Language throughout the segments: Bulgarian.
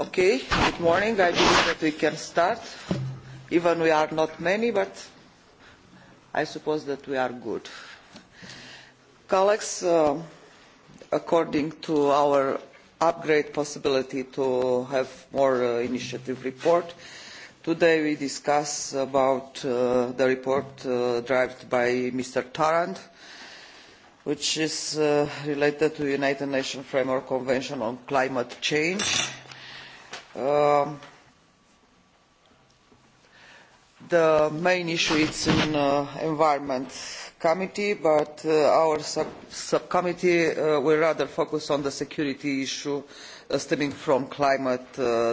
Okay, good morning. I believe that we can start, even we are not many, but I suppose that we are good. Colleagues, uh, according to our upgrade possibility to have more uh, initiative report, today we discuss about uh, the report uh, drived by Mr. Tarrant, which is uh, related to the United Nations Framework Convention on Climate Change the main issue is in the environment committee but our subcommittee will rather focus on the security issue stemming from climate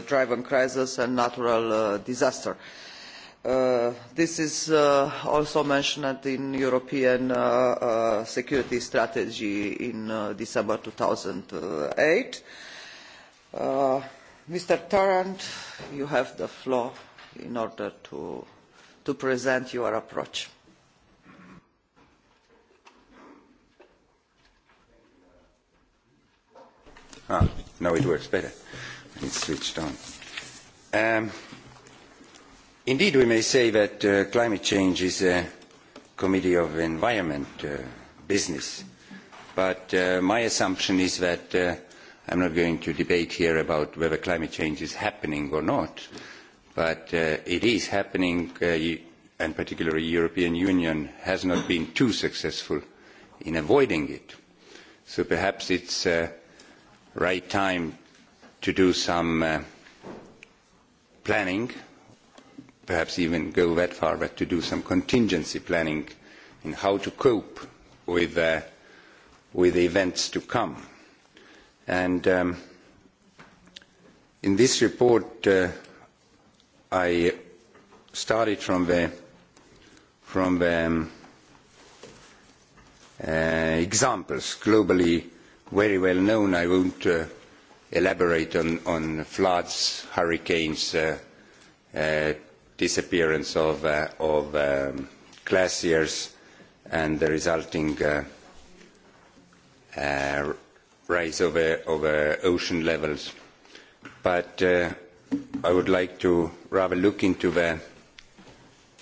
driven crisis and natural disaster. this is also mentioned in the european security strategy in december two thousand and eight Mr. Tarrant, you have the floor in order to, to present your approach. Ah, now it works better. It's switched on. Um, indeed, we may say that uh, climate change is a committee of environment uh, business. But uh, my assumption is that uh, I am not going to debate here about whether climate change is happening or not, but it is happening, and particularly the European Union has not been too successful in avoiding it. So perhaps it's uh, right time to do some planning, perhaps even go that far, but to do some contingency planning in how to cope with, uh, with events to come And um, in this report, uh, I started from the from the um, uh, examples globally very well known. I won't uh, elaborate on, on floods, hurricanes, uh, uh, disappearance of, uh, of um, glaciers, and the resulting uh, uh, rise of, ocean levels. But I would like to rather look into the,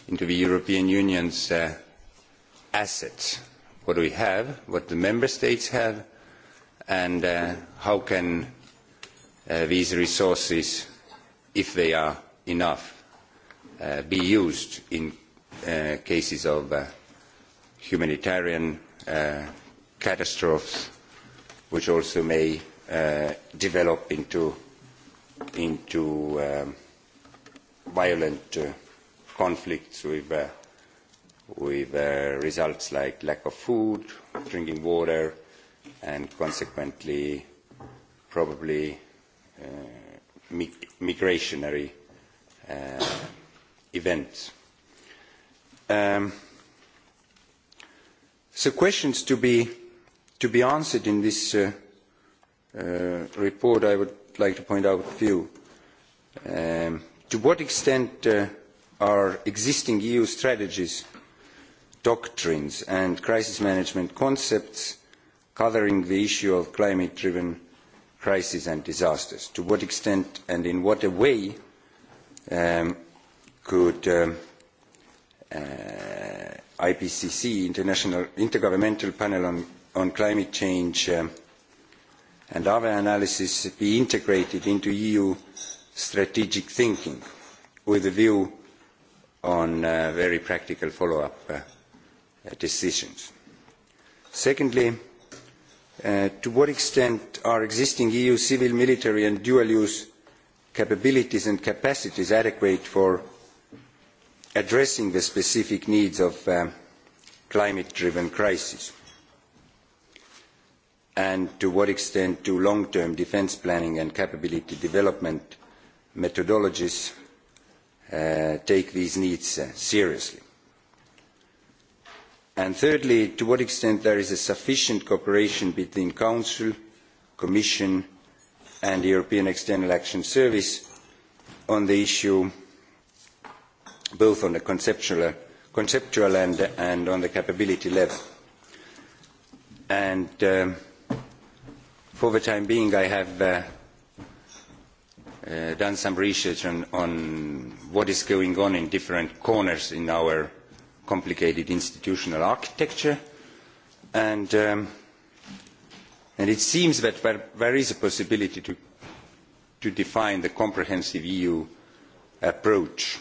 into the European Union's assets. What do we have, what the member states have, and how can these resources, if they are enough, be used in cases of humanitarian catastrophes which also may uh, develop into, into um, violent uh, conflicts with, uh, with uh, results like lack of food, drinking water, and consequently probably uh, migrationary uh, events. Um, so questions to be To be answered in this report, I would like to point out a few. to what extent are existing EU strategies, doctrines and crisis management concepts covering the issue of climate-driven crises and disasters? To what extent and in what a way could IPCC, International Intergovernmental Panel on on climate change and other analysis be integrated into EU strategic thinking with a view on very practical follow-up decisions. Secondly, to what extent are existing EU civil, military and dual-use capabilities and capacities adequate for addressing the specific needs of climate-driven crises? and to what extent do long-term defence planning and capability development methodologies take these needs seriously? And thirdly, to what extent there is a sufficient cooperation between Council, Commission and the European External Action Service on the issue, both on the conceptual, and, on the capability level. And for the time being, I have done some research on what is going on in different corners in our complicated institutional architecture. And it seems that there is a possibility to define the comprehensive EU approach,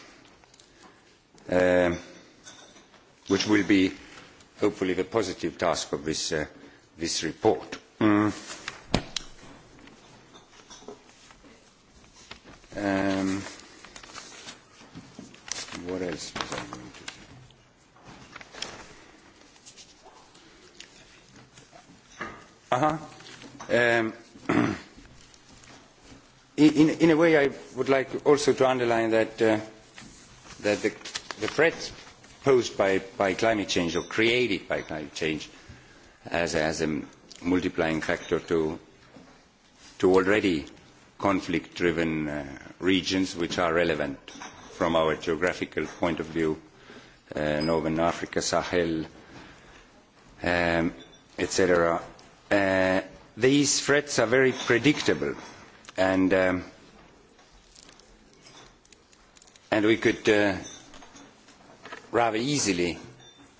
which will be hopefully the positive task of this report. Um, what else was I going to say? Uh-huh. Um, in, in a way, I would like also to underline that, uh, that the, the threats posed by, by climate change or created by climate change as, as a multiplying factor to, to already conflict-driven regions which are relevant from our geographical point of view, Northern Africa, Sahel, etc. These threats are very predictable, and we could rather easily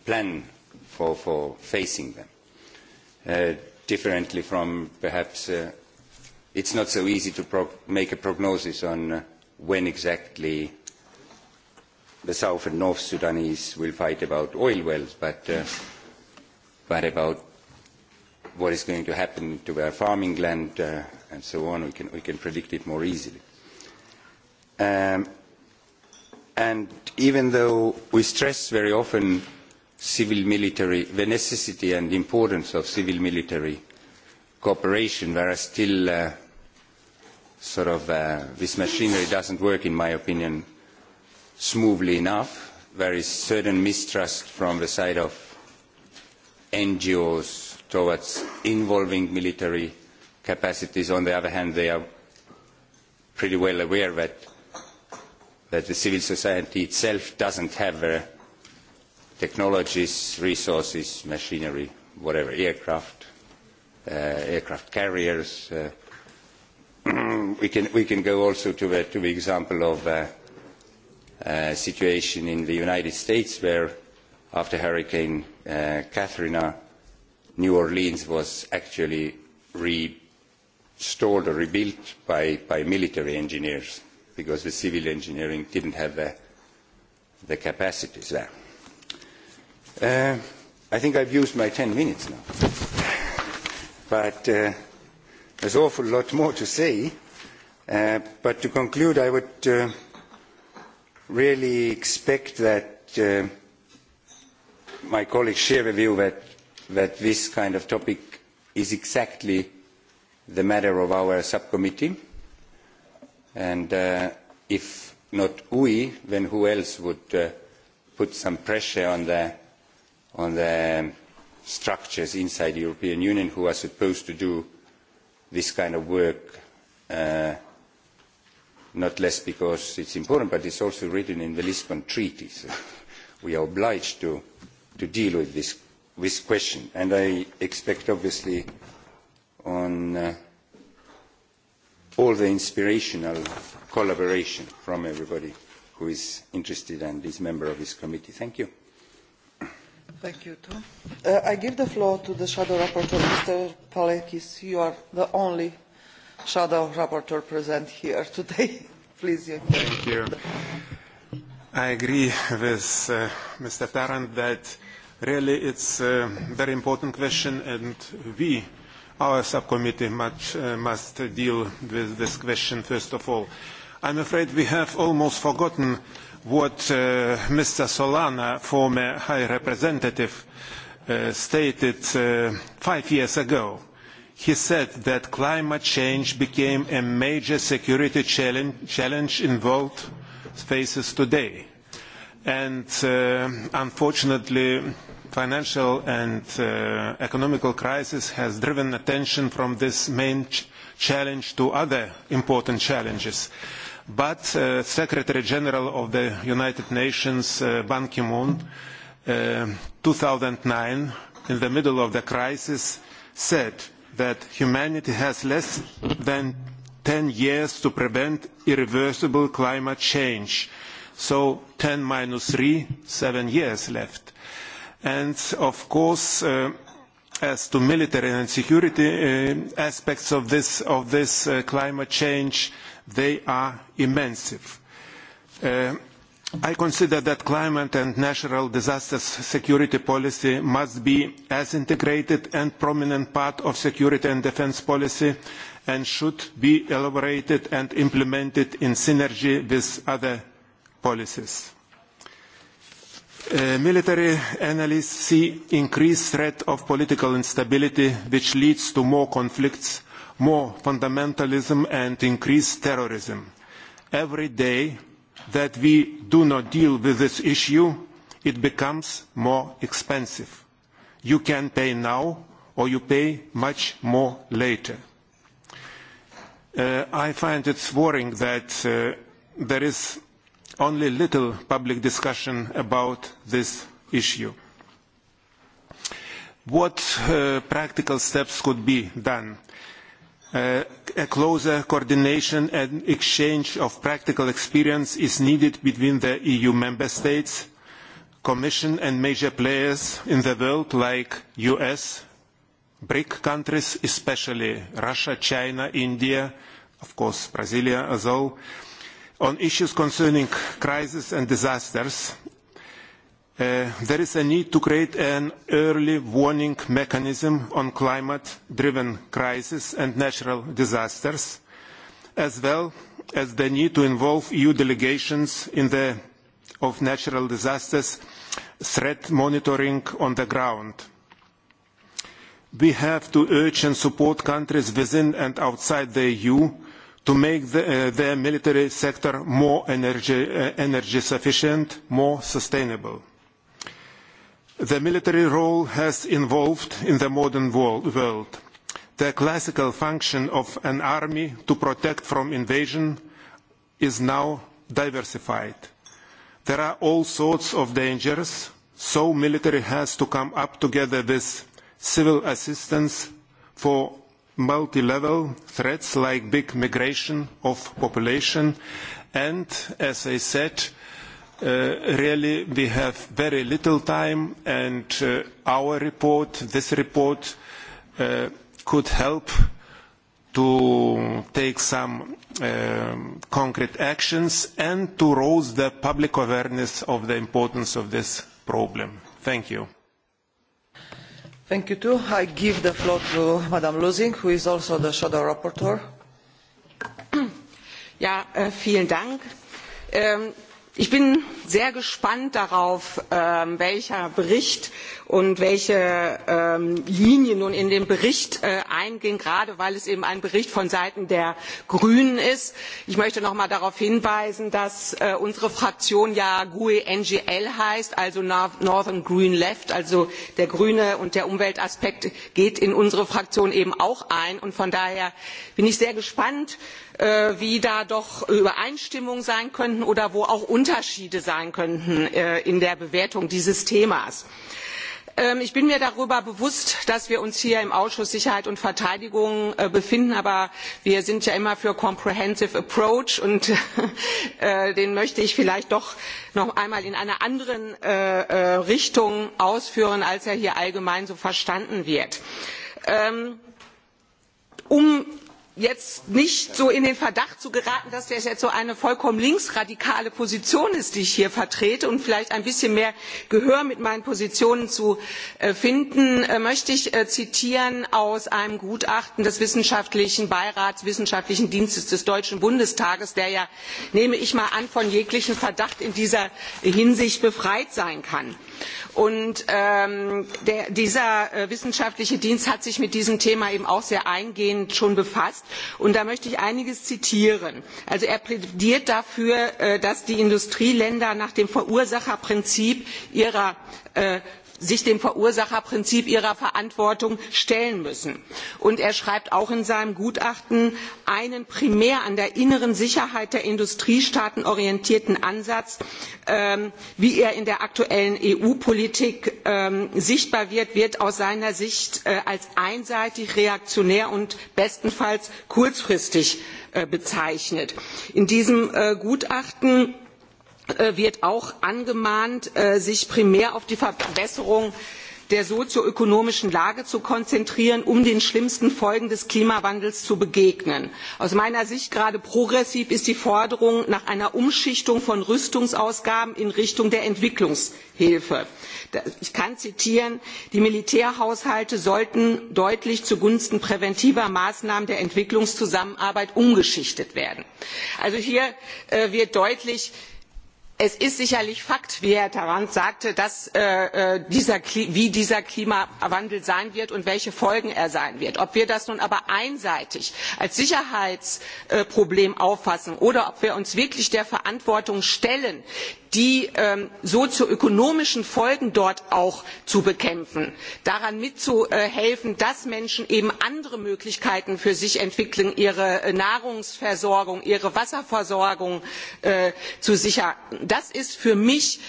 plan for facing them, differently from perhaps It's not so easy to pro make a prognosis on when exactly the South and North Sudanese will fight about oil wells, but, uh, but about what is going to happen to their farming land uh, and so on, we can, we can predict it more easily. Um, and even though we stress very often civil military, the necessity and importance of civil military cooperation, there are still uh, sort of uh, this machinery doesn't work, in my opinion, smoothly enough. There is certain mistrust from the side of NGOs towards involving military capacities. On the other hand, they are pretty well aware that, that the civil society itself doesn't have the technologies, resources, machinery, whatever, aircraft, uh, aircraft carriers, uh, we can we can go also to the to the example of uh, uh, situation in the United States where after Hurricane uh, Katrina, New Orleans was actually restored or rebuilt by by military engineers because the civil engineering didn't have the the capacities there. Uh, I think I've used my 10 minutes now, but. Uh, There's an awful lot more to say, uh, but to conclude, I would uh, really expect that uh, my colleagues share a view that, that this kind of topic is exactly the matter of our subcommittee. And uh, if not we, then who else would uh, put some pressure on the, on the structures inside the European Union who are supposed to do this kind of work, not less because it is important, but it is also written in the Lisbon Treaty. So we are obliged to, deal with this, this question. And I expect, obviously, on all the inspirational collaboration from everybody who is interested and is a member of this committee. Thank you. Thank you, too. Uh, I give the floor to the shadow rapporteur, Mr. Palekis. You are the only shadow rapporteur present here today. Please, you Thank you. I agree with uh, Mr. Tarrant that really it's a very important question, and we, our subcommittee, must uh, must deal with this question first of all. I'm afraid we have almost forgotten what Mr. Solana, former High Representative, stated five years ago. He said that climate change became a major security challenge in world faces today. And unfortunately, financial and economic crisis has driven attention from this main challenge to other important challenges. Uh, But Secretary General of the United Nations, Ban Ki-moon, uh, 2009, in the middle of the crisis, said that humanity has less than ten years to prevent irreversible climate change. So ten minus three, seven years left. And of course, as to military and security aspects of this, climate change, they are immense. I consider that climate and natural disasters security policy must be as integrated and prominent part of security and defence policy and should be elaborated and implemented in synergy with other policies. military analysts see increased threat of political instability which leads to more conflicts more fundamentalism and increased terrorism. Every day that we do not deal with this issue, it becomes more expensive. You can pay now or you pay much more later. I find it worrying that there is only little public discussion about this issue. What practical steps could be done? a closer coordination and exchange of practical experience is needed between the EU member states, Commission and major players in the world like US, BRIC countries, especially Russia, China, India, of course Brazil as well, on issues concerning crises and disasters there is a need to create an early warning mechanism on climate-driven crises and natural disasters, as well as the need to involve EU delegations in the of natural disasters threat monitoring on the ground. We have to urge and support countries within and outside the EU to make their military sector more energy sufficient, more sustainable The military role has evolved in the modern world. The classical function of an army to protect from invasion is now diversified. There are all sorts of dangers, so military has to come up together with civil assistance for multi-level threats like big migration of population and, as I said, really we have very little time and our report, this report, could help to take some concrete actions and to raise the public awareness of the importance of this problem. Thank you. Thank you too. I give the floor to Madame Lusing, who is also the shadow rapporteur. vielen dank ich bin sehr gespannt darauf welcher bericht und welche Linie nun in den Bericht einging, gerade weil es eben ein Bericht von Seiten der Grünen ist. Ich möchte noch einmal darauf hinweisen, dass unsere Fraktion ja GUE NGL heißt, also Northern Green Left, also der grüne und der Umweltaspekt geht in unsere Fraktion eben auch ein und von daher bin ich sehr gespannt, wie da doch Übereinstimmungen sein könnten oder wo auch Unterschiede sein könnten in der Bewertung dieses Themas ich bin mir darüber bewusst dass wir uns hier im ausschuss sicherheit und verteidigung befinden aber wir sind ja immer für comprehensive approach und den möchte ich vielleicht doch noch einmal in einer anderen richtung ausführen als er hier allgemein so verstanden wird um jetzt nicht so in den Verdacht zu geraten, dass das jetzt so eine vollkommen linksradikale Position ist, die ich hier vertrete und vielleicht ein bisschen mehr Gehör mit meinen Positionen zu finden, möchte ich zitieren aus einem Gutachten des Wissenschaftlichen Beirats, Wissenschaftlichen Dienstes des Deutschen Bundestages, der ja, nehme ich mal an, von jeglichem Verdacht in dieser Hinsicht befreit sein kann Und dieser wissenschaftliche Dienst hat sich mit diesem Thema eben auch sehr eingehend schon befasst. Und da möchte ich einiges zitieren. Also er plädiert dafür, dass die Industrieländer nach dem Verursacherprinzip ihrer sich dem verursacherprinzip ihrer verantwortung stellen müssen. und er schreibt auch in seinem gutachten einen primär an der inneren sicherheit der industriestaaten orientierten ansatz wie er in der aktuellen eu politik sichtbar wird wird aus seiner sicht als einseitig reaktionär und bestenfalls kurzfristig bezeichnet. in diesem gutachten wird auch angemahnt, sich primär auf die Verbesserung der sozioökonomischen Lage zu konzentrieren, um den schlimmsten Folgen des Klimawandels zu begegnen. Aus meiner Sicht gerade progressiv ist die Forderung nach einer Umschichtung von Rüstungsausgaben in Richtung der Entwicklungshilfe. Ich kann zitieren, die Militärhaushalte sollten deutlich zugunsten präventiver Maßnahmen der Entwicklungszusammenarbeit umgeschichtet werden. Also hier wird deutlich, es ist sicherlich fakt wie herr tarand sagte wie dieser klimawandel sein wird und welche folgen er haben wird. ob wir das nun aber einseitig als sicherheitsproblem auffassen oder ob wir uns wirklich der verantwortung stellen die sozioökonomischen folgen dort auch zu bekämpfen daran mitzuhelfen dass menschen eben andere möglichkeiten für sich entwickeln ihre nahrungsversorgung ihre wasserversorgung zu sichern das ist für mich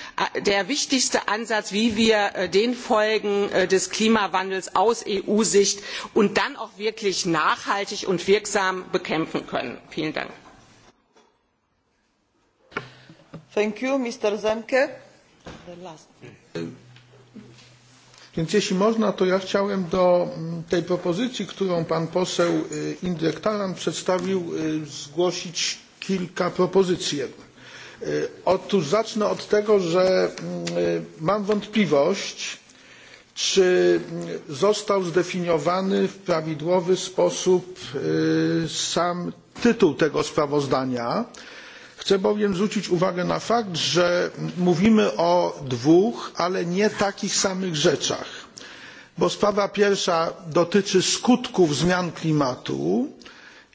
der wichtigste ansatz wie wir den folgen des klimawandels aus eu sicht und dann auch wirklich nachhaltig und wirksam bekämpfen können. vielen dank. Więc jeśli można, to ja chciałem do tej propozycji, którą pan poseł Indrek tarand przedstawił, zgłosić kilka propozycji jednak Otóż zacznę od tego, że mam wątpliwość, czy został zdefiniowany w prawidłowy sposób sam tytuł tego sprawozdania. Chcę bowiem zwrócić uwagę na fakt, że mówimy o dwóch, ale nie takich samych rzeczach. Bo sprawa pierwsza dotyczy skutków zmian klimatu,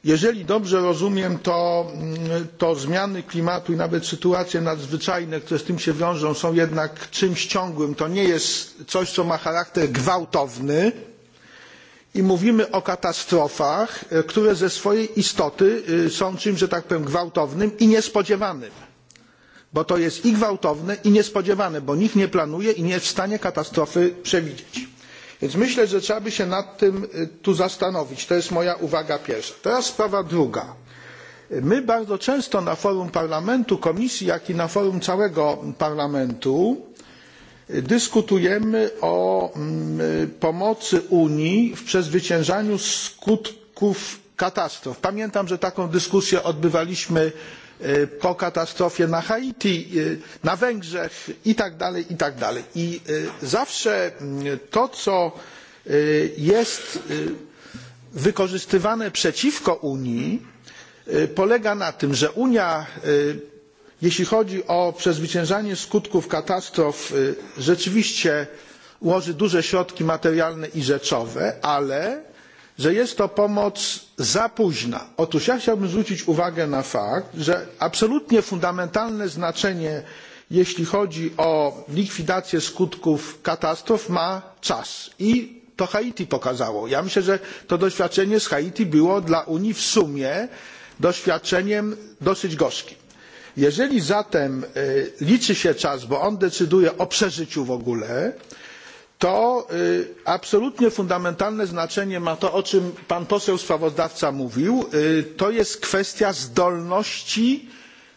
Jeżeli dobrze rozumiem, to, zmiany klimatu i nawet sytuacje nadzwyczajne, które z tym się wiążą, są jednak czymś ciągłym. To nie jest coś, co ma charakter gwałtowny. I mówimy o katastrofach, które ze swojej istoty są czymś, że tak powiem, gwałtownym i niespodziewanym. Bo to jest i gwałtowne, i niespodziewane, bo nikt nie planuje i nie jest w stanie katastrofy przewidzieć Więc myślę, że trzeba by się nad tym tu zastanowić. To jest moja uwaga pierwsza. Teraz sprawa druga. My bardzo często na forum parlamentu, komisji, jak i na forum całego parlamentu dyskutujemy o pomocy Unii w przezwyciężaniu skutków katastrof. Pamiętam, że taką dyskusję odbywaliśmy po katastrofie na Haiti, na Węgrzech itd. I zawsze to, co jest wykorzystywane przeciwko Unii, polega na tym, że Unia, jeśli chodzi o przezwyciężanie skutków katastrof, rzeczywiście włoży duże środki materialne i rzeczowe, ale że jest to pomoc za późna. Otóż ja chciałbym zwrócić uwagę na fakt, że absolutnie fundamentalne znaczenie, jeśli chodzi o likwidację skutków katastrof, ma czas. I to Haiti pokazało. Ja myślę, że to doświadczenie z Haiti było dla Unii w sumie doświadczeniem dosyć gorzkim. Jeżeli zatem liczy się czas, bo on decyduje o przeżyciu w ogóle, to absolutnie fundamentalne znaczenie ma to o czym pan poseł sprawozdawca mówił to jest kwestia zdolności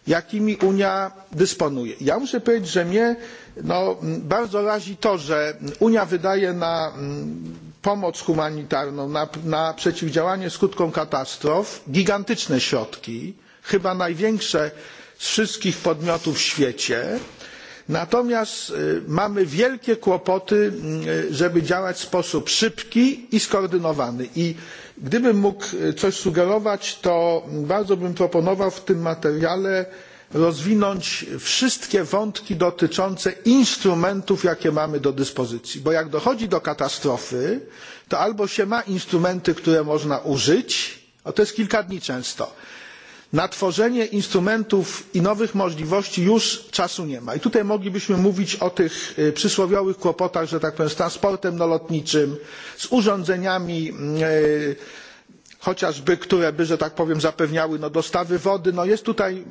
jakimi unia dysponuje. ja muszę powiedzieć że mnie bardzo razi to że unia wydaje na pomoc humanitarną na przeciwdziałanie skutkom katastrof gigantyczne środki chyba największe z wszystkich podmiotów w świecie Natomiast mamy wielkie kłopoty, żeby działać w sposób szybki i skoordynowany. I gdybym mógł coś sugerować, to bardzo bym proponował w tym materiale rozwinąć wszystkie wątki dotyczące instrumentów, jakie mamy do dyspozycji. Bo jak dochodzi do katastrofy, to albo się ma instrumenty, które można użyć, a to jest kilka dni często, Na tworzenie instrumentów i nowych możliwości już czasu nie ma. I tutaj moglibyśmy mówić o tych przysłowiowych kłopotach, że tak powiem, z transportem lotniczym, z urządzeniami chociażby, które by, że tak powiem, zapewniały dostawy wody. No jest tutaj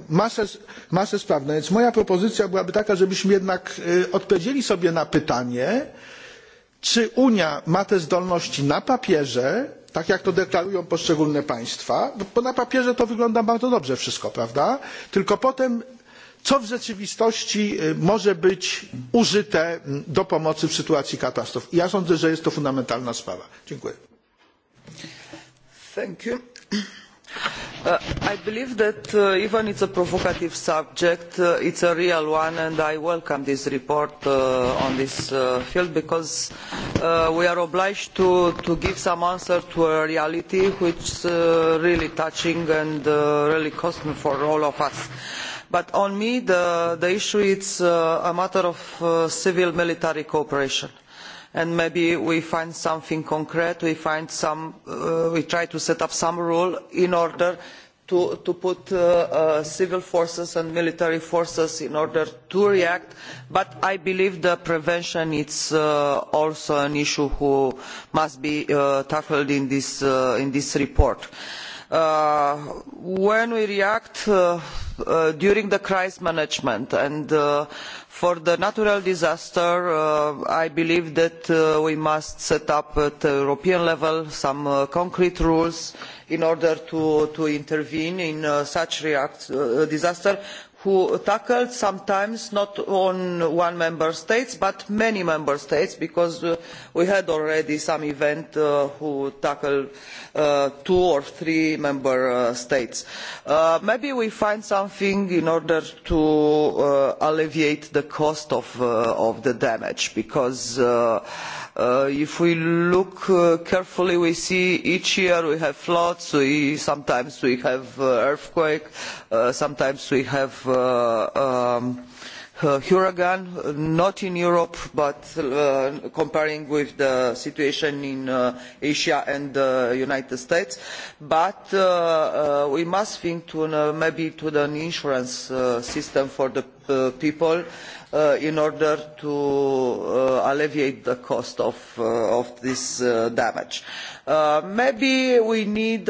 masę spraw. No więc moja propozycja byłaby taka, żebyśmy jednak odpowiedzieli sobie na pytanie, czy Unia ma te zdolności na papierze, tak jak to deklarują poszczególne państwa, bo na papierze to wygląda bardzo dobrze wszystko, prawda? Tylko potem co w rzeczywistości może być użyte do pomocy w sytuacji katastrof. Ja sądzę, że jest to fundamentalna sprawa. Dziękuję i believe that even though it is a provocative subject it is a real one and i welcome this report on this field because we are obliged to give some answer to a reality which is really touching and really costly for all of us. but for me the issue is a matter of civil military cooperation and maybe we find something concrete we find some we try to set up some rule in order to put civil forces and military forces in order to react but i believe that prevention is also an issue that must be tackled in this report when we react during the crisis management and for the natural disaster i believe that we must set up at european level some concrete rules in order to intervene in such disasters who tackled sometimes not only one member state but many member states because we had already some events that tackled two or three member states. maybe we can find something in order to alleviate the cost of the damage because if we look carefully we see each year we have floods sometimes we have earthquakes sometimes we have hurricane not in europe but comparing with the situation in asia and the united states but we must think maybe about an insurance system for the people in order to alleviate the cost of this damage. maybe we need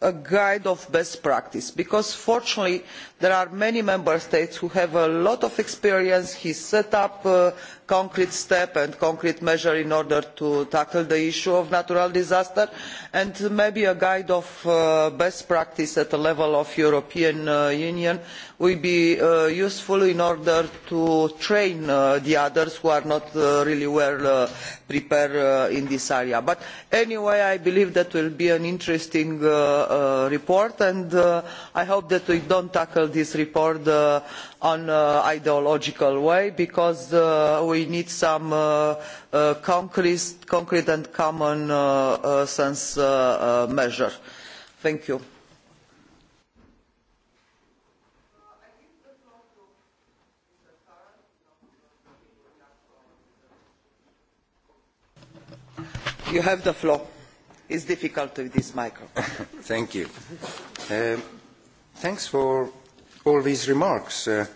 a guide of best practice because fortunately there are many member states who have a lot of experience who set up concrete step and concrete measure in order to tackle the issue of natural disasters and maybe a guide of best practice at the level of the european union will be useful in order to train the others who are not really well prepared in this area. but anyway i believe that will be an interesting report and i hope that we do not tackle this report in an ideological way because we need some concrete and common sense measures. thank you. you have the floor. it is difficult with this microphone. Thank you. thanks for all these remarks. I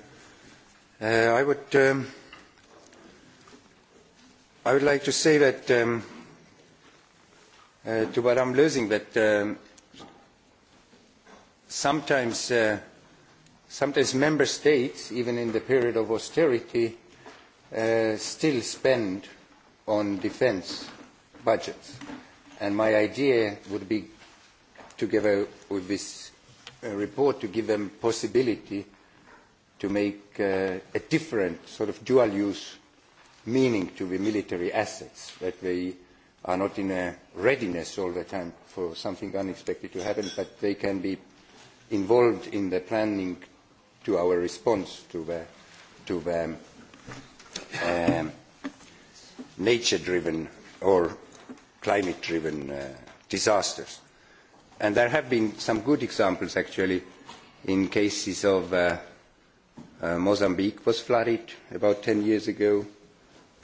would um, I would like to say that um, uh, to Madame Lösing that um, sometimes uh, sometimes member states, even in the period of austerity, uh, still spend on defence budgets. And my idea would be, together with this report to give them possibility to make uh, a different sort of dual use meaning to the military assets, that they are not in a readiness all the time for something unexpected to happen, but they can be involved in the planning to our response to the, to the um, nature-driven or climate-driven uh, disasters and there have been some good examples actually in cases of uh, uh, Mozambique was flooded about 10 years ago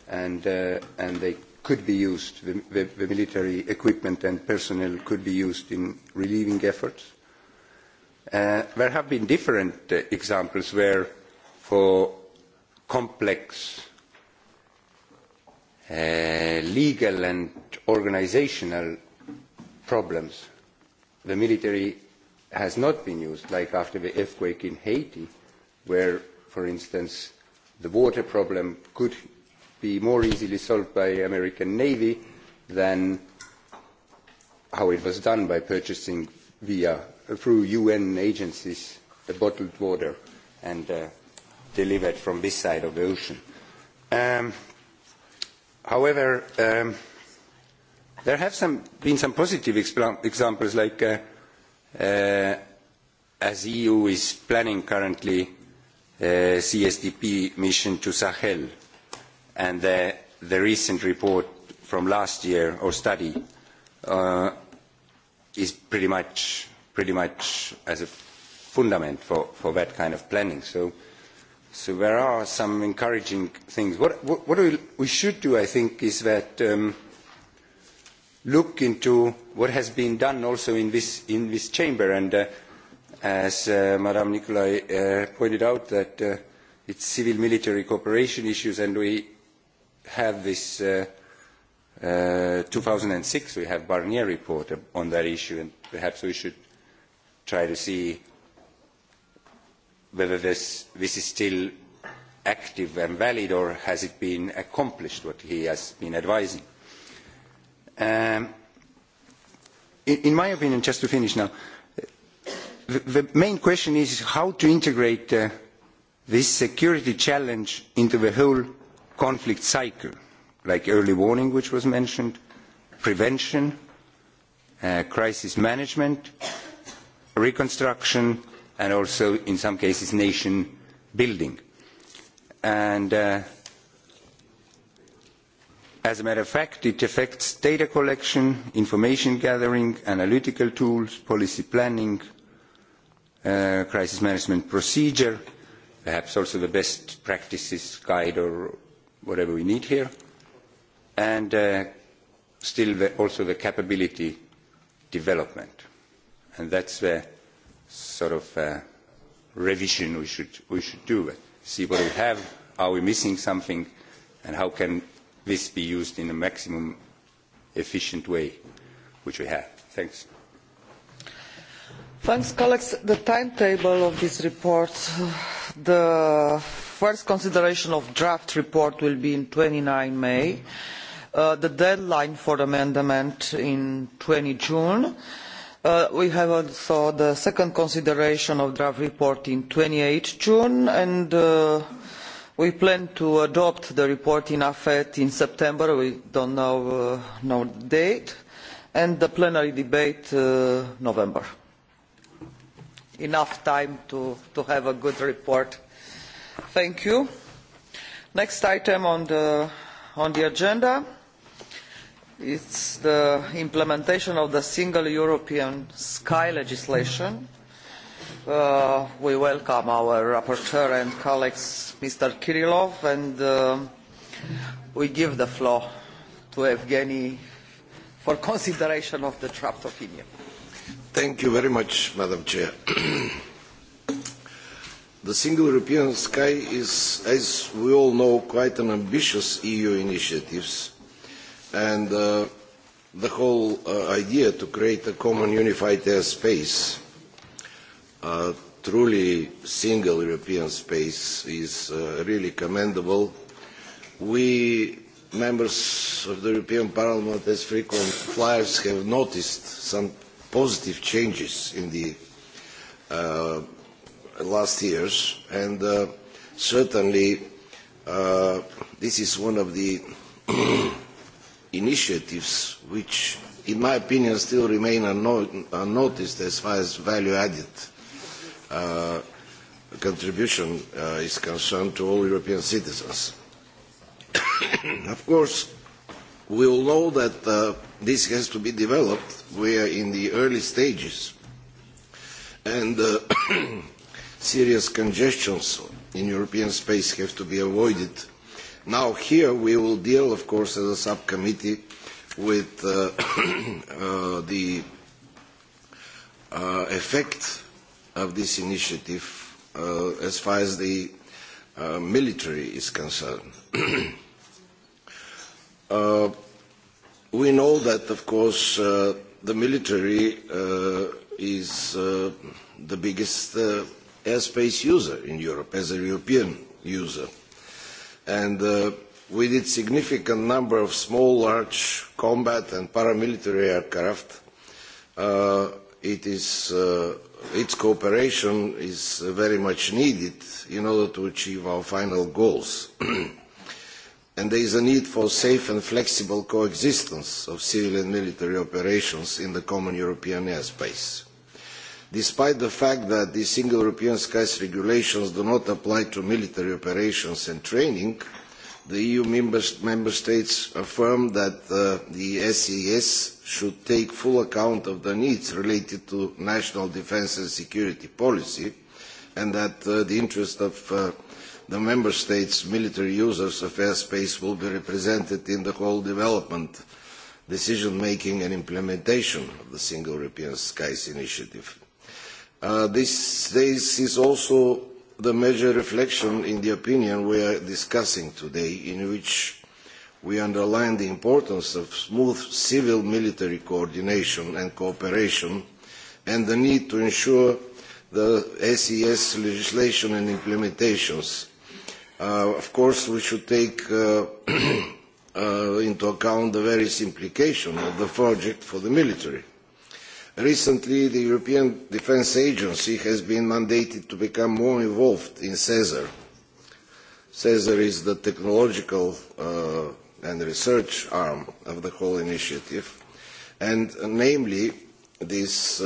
and, uh, and they could be used, the, the, the military equipment and personnel could be used in relieving efforts. Uh, there have been different uh, examples where for complex uh, legal and organizational problems the military has not been used, like after the earthquake in Haiti, where, for instance, the water problem could be more easily solved by the American Navy than how it was done by purchasing via through UN agencies the bottled water and uh, delivered from this side of the ocean. Um, however, um, There have some, been some positive examples, like uh, uh, as EU is planning currently a CSDP mission to Sahel, and the, the recent report from last year or study uh, is pretty much pretty much as a fundament for, for that kind of planning. So, so there are some encouraging things. What, what, what we, we should do, I think, is that. Um, look into what has been done also in this, in this chamber. And uh, as uh, Madame Nicolai uh, pointed out, that uh, it's civil-military cooperation issues, and we have this uh, uh, 2006, we have Barnier report on that issue, and perhaps we should try to see whether this, this is still active and valid, or has it been accomplished, what he has been advising in, my opinion, just to finish now, the, the main question is how to integrate uh, this security challenge into the whole conflict cycle, like early warning, which was mentioned, prevention, uh, crisis management, reconstruction, and also, in some cases, nation building. And uh, As a matter of fact, it affects data collection, information gathering, analytical tools, policy planning, uh, crisis management procedure, perhaps also the best practices guide or whatever we need here, and uh, still the, also the capability development. And that's the sort of uh, revision we should, we should do, see what we have, are we missing something, and how can this be used in a maximum efficient way, which we have. Thanks. Thanks, colleagues. The timetable of this report, the first consideration of draft report will be in 29 May. Uh, the deadline for amendment in 20 June. we have also the second consideration of draft report in 28 June and uh, we plan to adopt the report in afet in september we do not know the date and the plenary debate in november enough time to have a good report. thank you. next item on the agenda is the implementation of the single european sky legislation we welcome our rapporteur and colleagues, Mr. Kirillov, and we give the floor to Evgeny for consideration of the draft opinion. Thank you very much, Madam Chair. the Single European Sky is, as we all know, quite an ambitious EU initiative, and the whole idea to create a common unified airspace a truly single European space is really commendable. We, members of the European Parliament, as frequent flyers, have noticed some positive changes in the last years, and certainly this is one of the initiatives which, in my opinion, still remain unnoticed as far as value added contribution uh, is concerned to all European citizens. of course, we all know that uh, this has to be developed. We are in the early stages, and uh, serious congestions in European space have to be avoided. Now here we will deal, of course, as a subcommittee with uh, uh, the uh, effect of this initiative uh, as far as the uh, military is concerned. uh, we know that, of course, uh, the military uh, is uh, the biggest uh, airspace user in Europe, as a European user. And uh, with its significant number of small, large combat and paramilitary aircraft, uh, it is uh, its cooperation is very much needed in order to achieve our final goals. and there is a need for safe and flexible coexistence of civil and military operations in the common European airspace. Despite the fact that the Single European Skies regulations do not apply to military operations and training, the EU member states affirm that the SES should take full account of the needs related to national defence and security policy and that the interests of the member states' military users of airspace will be represented in the whole development, decision making and implementation of the Single European Skies Initiative. this is also the major reflection in the opinion we are discussing today, in which we underline the importance of smooth civil-military coordination and cooperation and the need to ensure the SES legislation and implementations. of course, we should take into account the various implications of the project for the military. Recently, the European Defence Agency has been mandated to become more involved in CESAR. CESAR is the technological and research arm of the whole initiative, and namely, this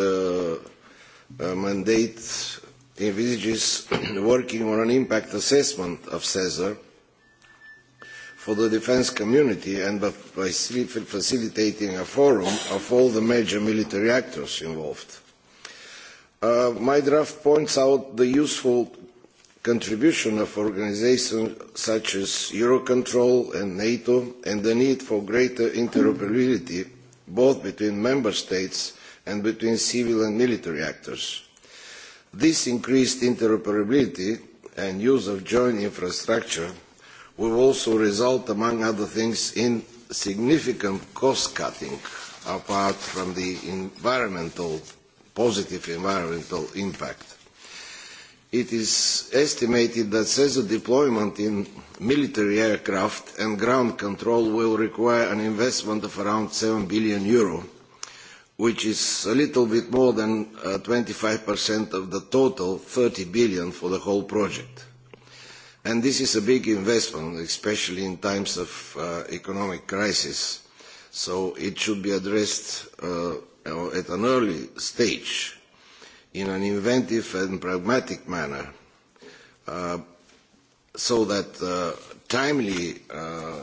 mandate envisages working on an impact assessment of CESAR for the defence community and by facilitating a forum of all the major military actors involved. my draft points out the useful contribution of organisations such as Eurocontrol and NATO and the need for greater interoperability both between member states and between civil and military actors. This increased interoperability and use of joint infrastructure will also result, among other things, in significant cost cutting apart from the environmental, positive environmental impact. It is estimated that CESO deployment in military aircraft and ground control will require an investment of around 7 billion euro, which is a little bit more than uh, 25% of the total 30 billion for the whole project And this is a big investment, especially in times of uh, economic crisis. So it should be addressed uh, at an early stage in an inventive and pragmatic manner uh, so that uh, timely uh,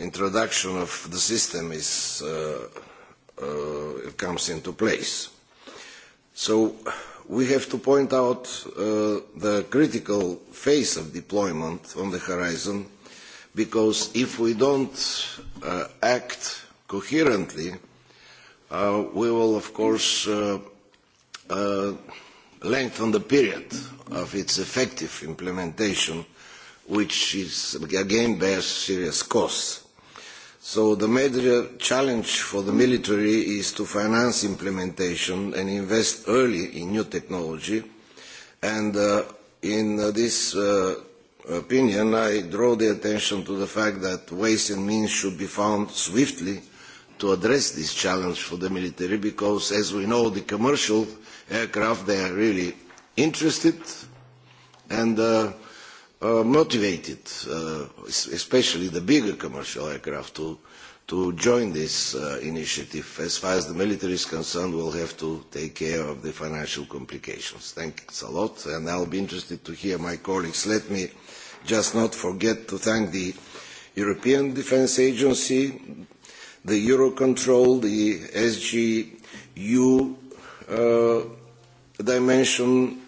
introduction of the system is, uh, uh, comes into place. So we have to point out the critical phase of deployment on the horizon because if we don't act coherently, we will, of course, lengthen the period of its effective implementation, which is, again bears serious costs. So the major challenge for the military is to finance implementation and invest early in new technology. And in this opinion, I draw the attention to the fact that ways and means should be found swiftly to address this challenge for the military because, as we know, the commercial aircraft, they are really interested and motivated, especially the bigger commercial aircraft, to, to join this initiative. As far as the military is concerned, we'll have to take care of the financial complications. Thanks a lot, and I'll be interested to hear my colleagues. Let me just not forget to thank the European Defence Agency, the Eurocontrol, the SGU dimension,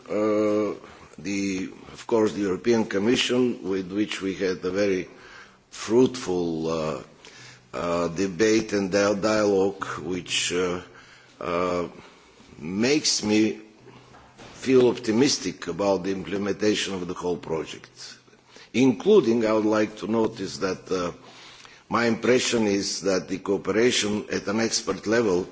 the course, the European Commission, with which we had a very fruitful debate and dialogue, which makes me feel optimistic about the implementation of the whole project. Including, I would like to notice that my impression is that the cooperation at an expert level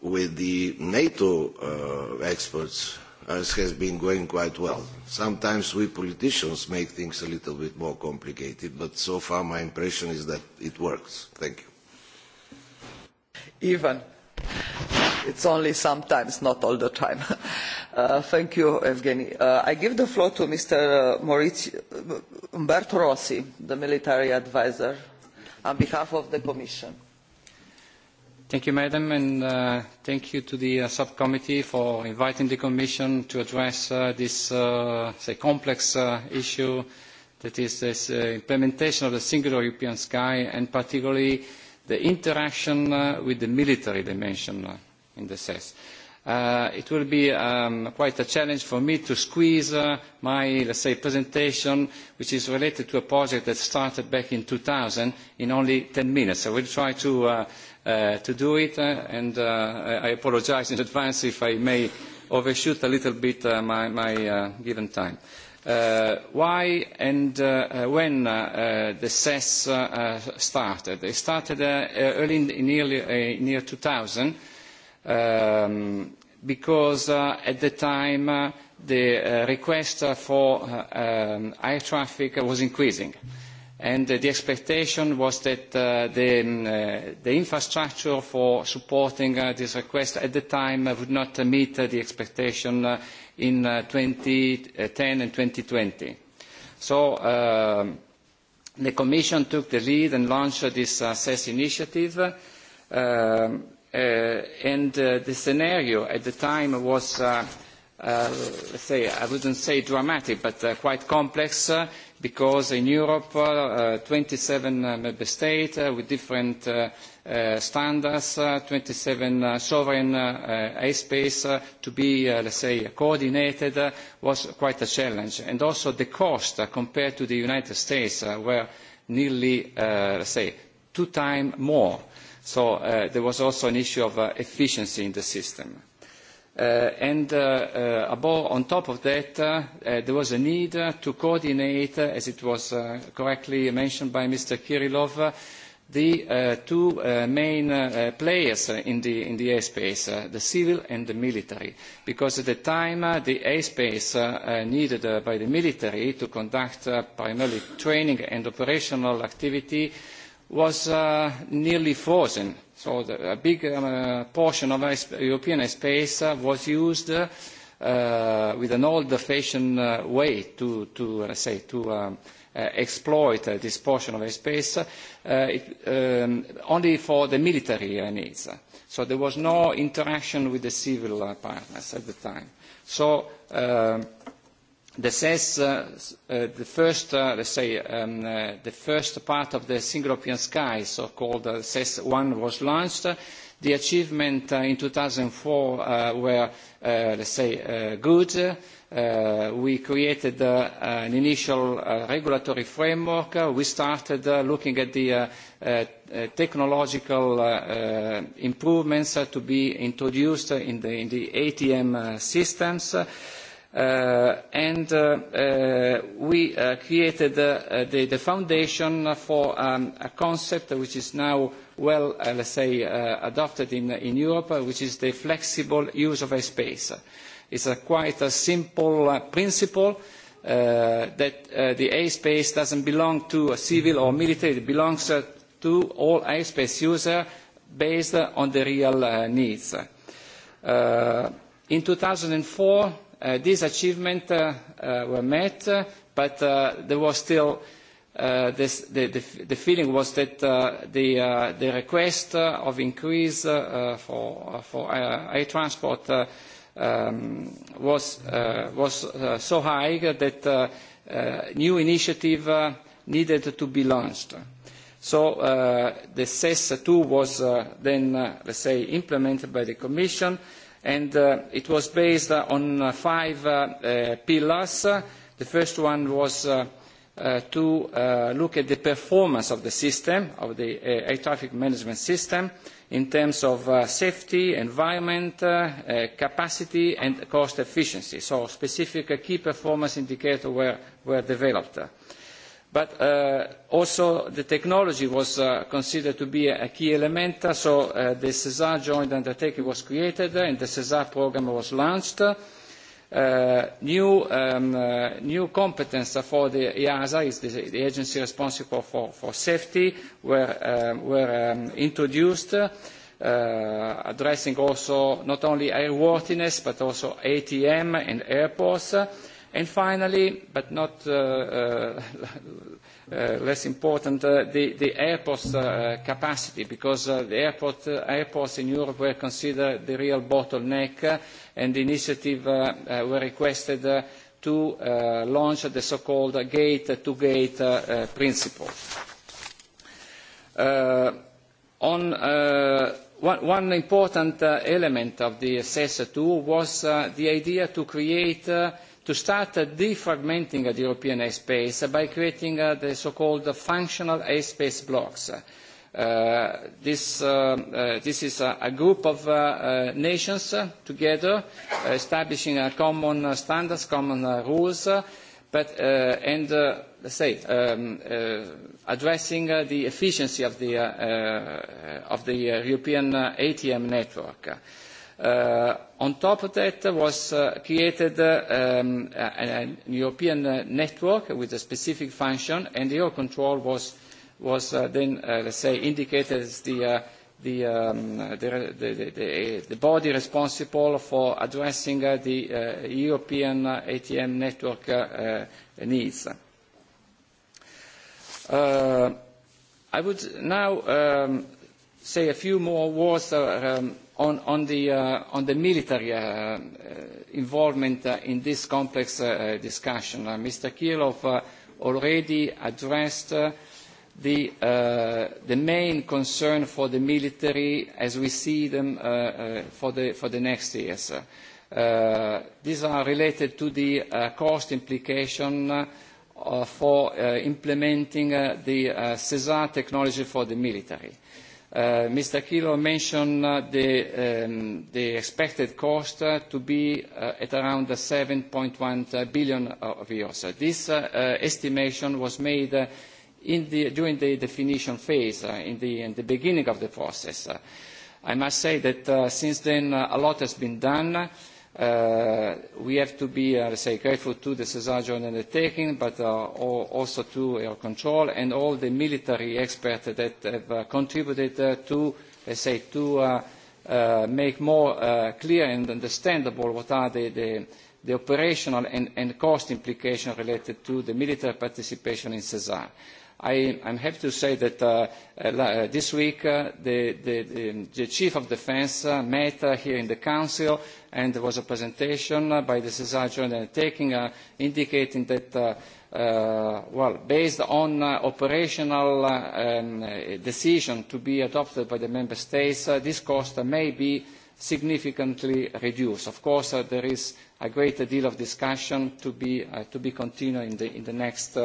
with the NATO experts has been going quite well. Sometimes we politicians make things a little bit more complicated, but so far my impression is that it works. Thank you. Ivan, it's only sometimes, not all the time. thank you, Evgeny. I give the floor to Mr. Maurizio, Umberto Rossi, the military adviser, on behalf of the Commission. Thank you, Madam, and uh, thank you to the uh, subcommittee for inviting the Commission to address uh, this uh, say complex uh, issue that is this uh, implementation of the single European sky and particularly the interaction uh, with the military dimension uh, in the SES it will be quite a challenge for me to squeeze my, let's say, presentation, which is related to a project that started back in two thousand in only ten minutes. I will try to do it, and I apologise in advance if I may overshoot a little bit my given time. Why and when the CES started? It started early in the year 2000, because at the time the request for air traffic was increasing. And the expectation was that the infrastructure for supporting this request at the time would not meet the expectation in 2010 and 2020. So the Commission took the lead and launched this SES initiative and the scenario at the time was, let's say, I wouldn't say dramatic, but quite complex because in Europe, twenty seven member states with different standards, twenty seven sovereign airspace to be, let's say, coordinated was quite a challenge. also the cost compared to the United States were nearly, let's say, two times more So there was also an issue of efficiency in the system. and above, on top of that, there was a need to coordinate, as it was correctly mentioned by Mr. Kirilov, the two main players in the airspace, the civil and the military, because at the time the airspace needed by the military to conduct primarily training and operational activity was nearly frozen. So the, a big portion of European space was used with an old-fashioned way to, to say, to exploit this portion of space only for the military needs. So there was no interaction with the civil partners at the time. So This is the first, let's say, the first part of the Single European Sky, so-called CES one was launched. The achievement in two thousand four were, let's say, good. We created an initial regulatory framework. We started looking at the technological improvements to be introduced in the ATM systems and we created the foundation for a concept which is now well, let's say, adopted in Europe, which is the flexible use of space. It's a quite a simple principle that the airspace doesn't belong to a civil or military, it belongs to all airspace users based on the real needs. In two thousand four these achievements were met, but there was still this, the, the, the feeling was that the, uh, the request of increase for, for air transport was, was so high that new initiative needed to be launched. So the CES2 was then, let's say, implemented by the Commission and it was based on five pillars. The first one was to look at the performance of the system, of the air traffic management system, in terms of safety, environment, capacity, and cost efficiency. So specific key performance indicators were developed. But also the technology was considered to be a key element, so the CESAR joint undertaking was created and the CESAR programme was launched. new, competences for the EASA, is the, agency responsible for, safety, were, introduced, addressing also not only airworthiness but also ATM and airports And finally, but not uh, uh, less important, uh, the, the airport's uh, capacity, because uh, the airport, uh, airports in Europe were considered the real bottleneck, uh, and the initiative uh, uh, were requested uh, to uh, launch the so-called gate-to-gate uh, principle. Uh, on uh, One important element of the SESA II was the idea to create a to start defragmenting the European airspace by creating the so-called functional airspace blocks. this, is a, group of nations together establishing common standards, common rules, but, and let's say, addressing the efficiency of the, European ATM network on top of that was created a European network with a specific function, and Eurocontrol was, was then, let's say, indicated as the, the, the, the, body responsible for addressing the European ATM network needs. I would now say a few more words on, on, the, uh, on the military uh, involvement uh, in this complex uh, discussion. Uh, Mr. Kirov uh, already addressed uh, the, uh, the main concern for the military as we see them uh, uh, for, the, for the next years. Uh, these are related to the uh, cost implication uh, for uh, implementing uh, the uh, CESAR technology for the military. Uh, Mr. Kilo mentioned the expected cost to be at around 7.1 billion euros. This estimation was made during the definition phase, in the beginning of the process. I must say that since then, a lot has been done we have to be, say, grateful to the Joint undertaking, but also to Air control and all the military experts that have contributed to, let's say, to make more clear and understandable what are the, the operational and, cost implications related to the military participation in Cesar I am happy to say that this week the, Chief of Defence met here in the Council and there was a presentation by the CESAR General taking, indicating that well, based on operational decisions to be adopted by the Member States, this cost may be significantly reduced. Of course, there is a great deal of discussion to be, continued in the, next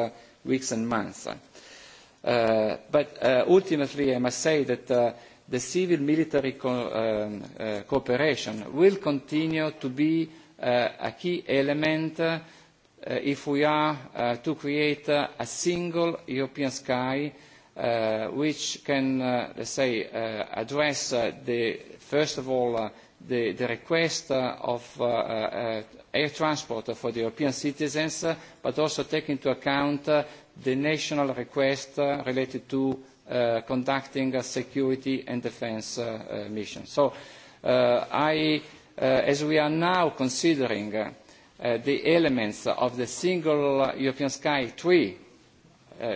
weeks and months but ultimately, I must say that the civil-military cooperation will continue to be a key element if we are to create a single European sky which can, let's say, address the, first of all, the, the request of air transport for the European citizens, but also take into account the national request related to conducting security and defence missions. So I, as we are now considering the elements of the single European Sky 3,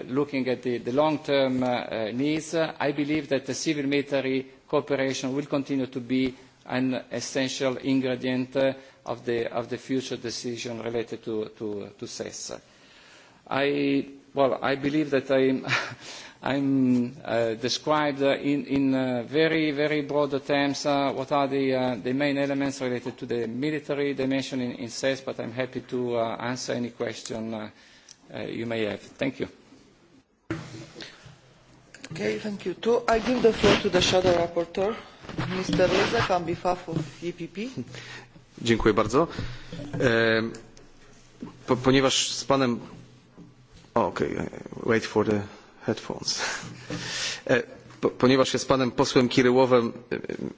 looking at the, long-term needs, I believe that the civil military cooperation will continue to be an essential ingredient of the future decision related to CESS. I believe that I'm described in very broad terms what are the main elements related to the military dimension in CESS, but I'm happy to answer any question you may have. Thank you. Okay, thank you too. I give the floor to the shadow rapporteur ponieważ z panem... wait for the headphones. Ponieważ z panem posłem Kiryłowem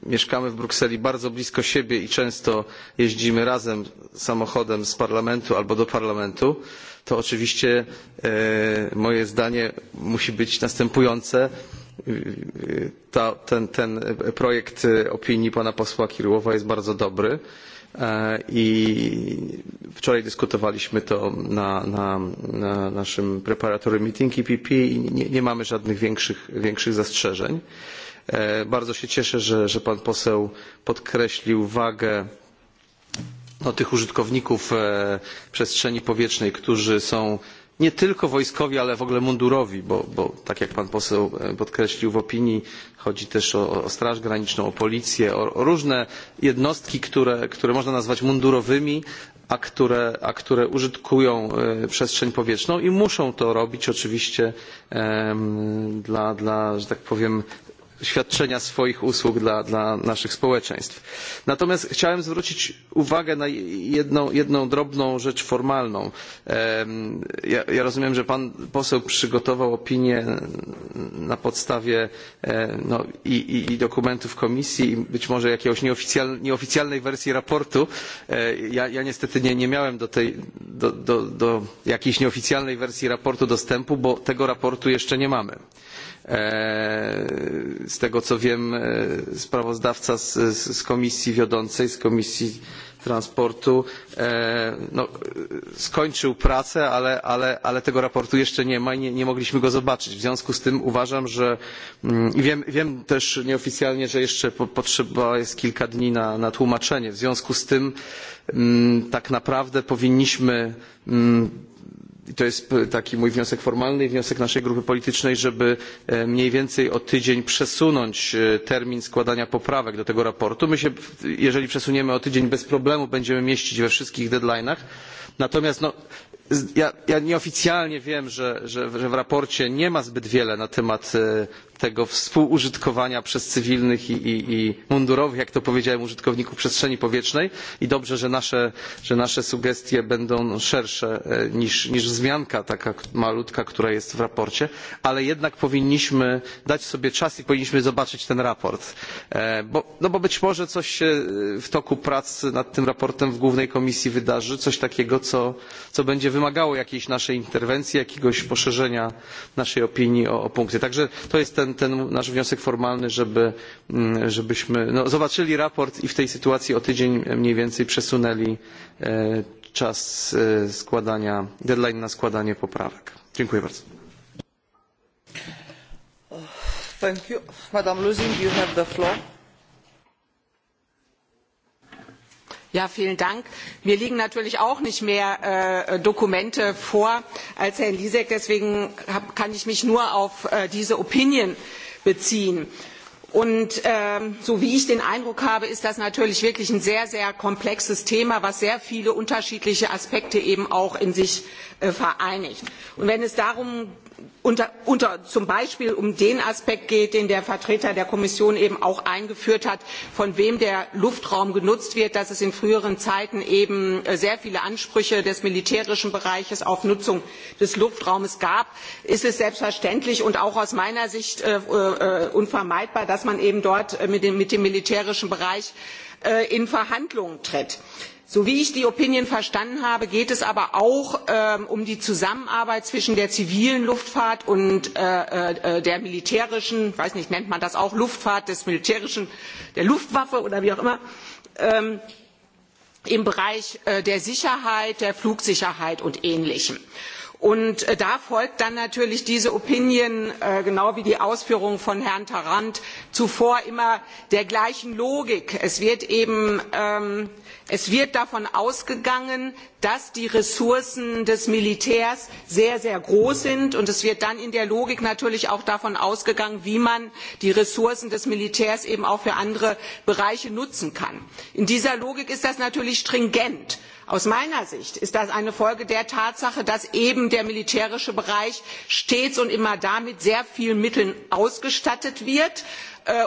mieszkamy w Brukseli bardzo blisko siebie i często jeździmy razem samochodem z parlamentu albo do parlamentu, to oczywiście moje zdanie musi być następujące. ten, projekt opinii pana posła Kirłowa jest bardzo dobry i wczoraj dyskutowaliśmy to na, naszym preparatory meeting IPP i nie, mamy żadnych większych zastrzeżeń. Bardzo się cieszę, że pan poseł podkreślił wagę tych użytkowników przestrzeni powietrznej, którzy są nie tylko wojskowi, ale w ogóle mundurowi, bo, tak jak pan poseł podkreślił w opinii, chodzi też o, Straż Graniczną, o policję, o, różne jednostki, które można nazwać mundurowymi, a które, użytkują przestrzeń powietrzną i muszą to robić oczywiście dla, że tak powiem, świadczenia swoich usług dla, naszych społeczeństw. Natomiast chciałem zwrócić uwagę na jedną, drobną rzecz formalną. Ja, rozumiem, że pan poseł przygotował opinię na podstawie i, dokumentów komisji i być może jakiejś nieoficjalnej wersji raportu. Ja, niestety nie, miałem do, jakiejś nieoficjalnej wersji raportu dostępu, bo tego raportu jeszcze nie mamy. Z tego co wiem, sprawozdawca z, komisji wiodącej, z komisji transportu skończył pracę, ale, tego raportu jeszcze nie ma i nie, mogliśmy go zobaczyć. W związku z tym uważam, że wiem, też nieoficjalnie, że jeszcze potrzeba jest kilka dni na tłumaczenie. W związku z tym tak naprawdę powinniśmy to jest taki mój wniosek formalny i wniosek naszej grupy politycznej, żeby mniej więcej o tydzień przesunąć termin składania poprawek do tego raportu. My się, jeżeli przesuniemy o tydzień, bez problemu będziemy mieścić we wszystkich deadline'ach. Natomiast ja, nieoficjalnie wiem, że, w raporcie nie ma zbyt wiele na temat tego współużytkowania przez cywilnych i, mundurowych, jak to powiedziałem, użytkowników przestrzeni powietrznej i dobrze, że nasze, sugestie będą szersze niż, wzmianka taka malutka, która jest w raporcie, ale jednak powinniśmy dać sobie czas i powinniśmy zobaczyć ten raport. no bo być może coś się w toku prac nad tym raportem w głównej komisji wydarzy, coś takiego, co, co będzie wymagało jakiejś naszej interwencji, jakiegoś poszerzenia naszej opinii o, punkty. Także to jest ten ten, nasz wniosek formalny, żeby, żebyśmy zobaczyli raport i w tej sytuacji o tydzień mniej więcej przesunęli czas składania, deadline na składanie poprawek. Dziękuję bardzo. Thank you. Madam Luzing, you have the floor. Herr vielen Dank. Mir liegen natürlich auch nicht mehr Dokumente vor als Herrn Lisek. Deswegen kann ich mich nur auf diese Opinion beziehen. Und so wie ich den Eindruck habe, ist das natürlich wirklich ein sehr, sehr komplexes Thema, das sehr viele unterschiedliche Aspekte in sich vereinigt. wenn es darum zum Beispiel um den Aspekt geht, den der Vertreter der Kommission eben auch eingeführt hat, von wem der Luftraum genutzt wird, dass es in früheren Zeiten eben sehr viele Ansprüche des militärischen Bereiches auf Nutzung des Luftraums gab, ist es selbstverständlich und auch aus meiner Sicht unvermeidbar, dass man eben dort mit dem militärischen Bereich in Verhandlungen tritt so wie ich die opinion verstanden habe geht es aber auch um die zusammenarbeit zwischen der zivilen luftfahrt und der militärischen ich weiß nicht nennt man das auch luftfahrt des militärischen der luftwaffe oder wie auch immer im bereich der sicherheit der flugsicherheit und ähnlichem. Und da folgt dann natürlich diese Opinion, genau wie die Ausführungen von Herrn Tarand, zuvor immer der gleichen Logik. Es wird davon ausgegangen, dass die Ressourcen des Militärs sehr, sehr groß sind. Und es wird dann in der Logik natürlich auch davon ausgegangen, wie man die Ressourcen des Militärs eben auch für andere Bereiche nutzen kann. In dieser Logik ist das natürlich stringent aus meiner sicht ist das eine folge der tatsache dass eben der militärische bereich stets und immer mit sehr vielen mitteln ausgestattet wird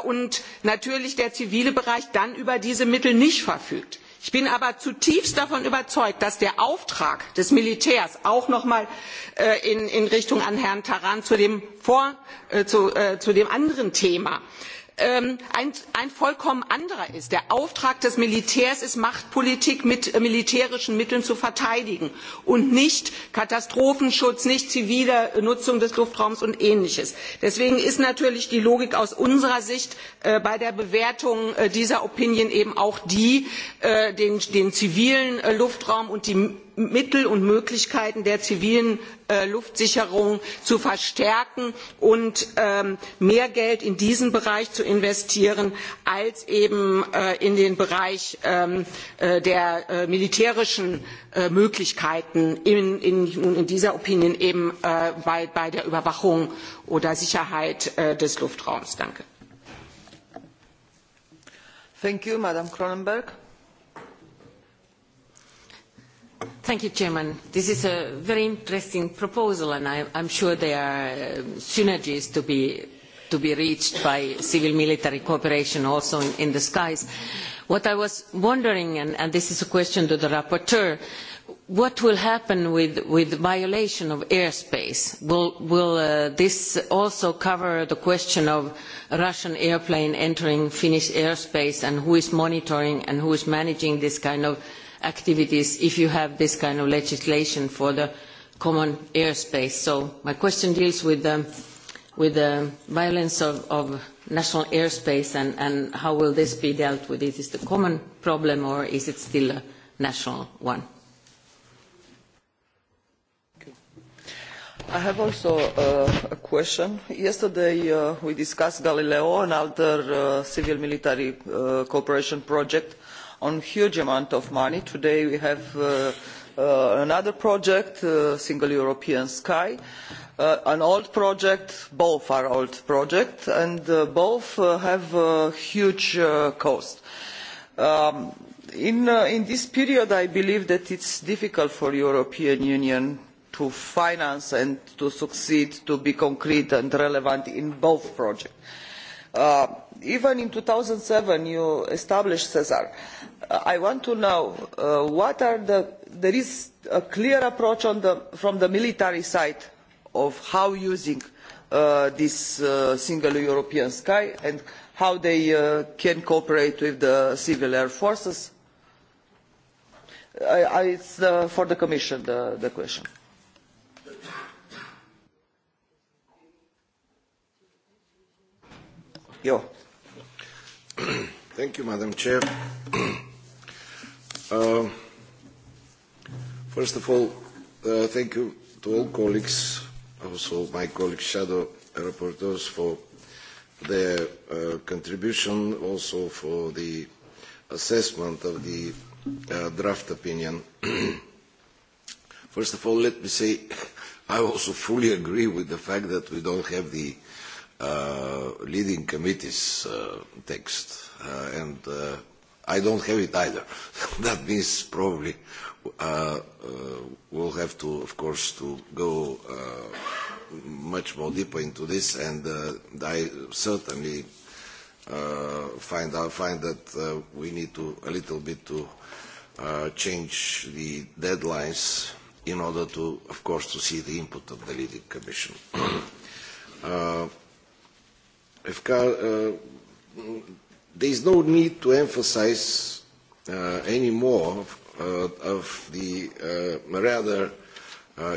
und natürlich der zivile bereich dann über diese mittel nicht verfügt. ich bin aber zutiefst davon überzeugt dass der auftrag des militärs auch noch einmal in richtung herrn tarand zu dem anderen thema ein vollkommen anderer ist. der auftrag des militärs ist machtpolitik mit militärischen mitteln zu verteidigen und nicht katastrophenschutz nicht zivile nutzung des luftraums und ähnliches. deswegen ist natürlich die logik aus unserer sicht bei der bewertung dieser opinion eben auch die den zivilen luftraum und mittel und möglichkeiten der zivilen luftsicherung zu verstärken und mehr geld in diesen bereich zu investieren als eben in den bereich der militärischen möglichkeiten in dieser opinion eben bei der überwachung oder sicherheit des luftraums. danke. Thank you, Chairman. This is a very interesting proposal, and I, I'm sure there are synergies to be to be reached by civil-military cooperation also in, the skies. What I was wondering, and, this is a question to the rapporteur, what will happen with, with violation of airspace? Will, will this also cover the question of a Russian airplane entering Finnish airspace and who is monitoring and who is managing this kind of activities if you have this kind of legislation for the common airspace. So my question deals with the, with the violence of, of national airspace and, and how will this be dealt with? Is this the common problem or is it still a national one? I have also a question. Yesterday we discussed Galileo, and other civil-military cooperation project on a huge amount of money. Today we have another project, the Single European Sky, an old project, both are old projects, and both have a huge cost. in, this period, I believe that it is difficult for the European Union to finance and to succeed, to be concrete and relevant in both projects even in two thousand and seven you established cesar. i want to know what are the there is a clear approach from the military side of how using this single european sky and how they can cooperate with the civil air forces? it is for the commission the question. Thank you, Madam Chair. Uh, first of all, uh, thank you to all colleagues, also my colleague shadow rapporteurs for their uh, contribution, also for the assessment of the uh, draft opinion. First of all, let me say I also fully agree with the fact that we don't have the uh, leading committee's uh, text, uh, and uh, I don't have it either. that means probably uh, uh, we'll have to, of course, to go uh, much more deeper into this, and uh, I certainly uh, find find that uh, we need to a little bit to uh, change the deadlines in order to, of course, to see the input of the leading commission. uh, there is no need to emphasise any more of the rather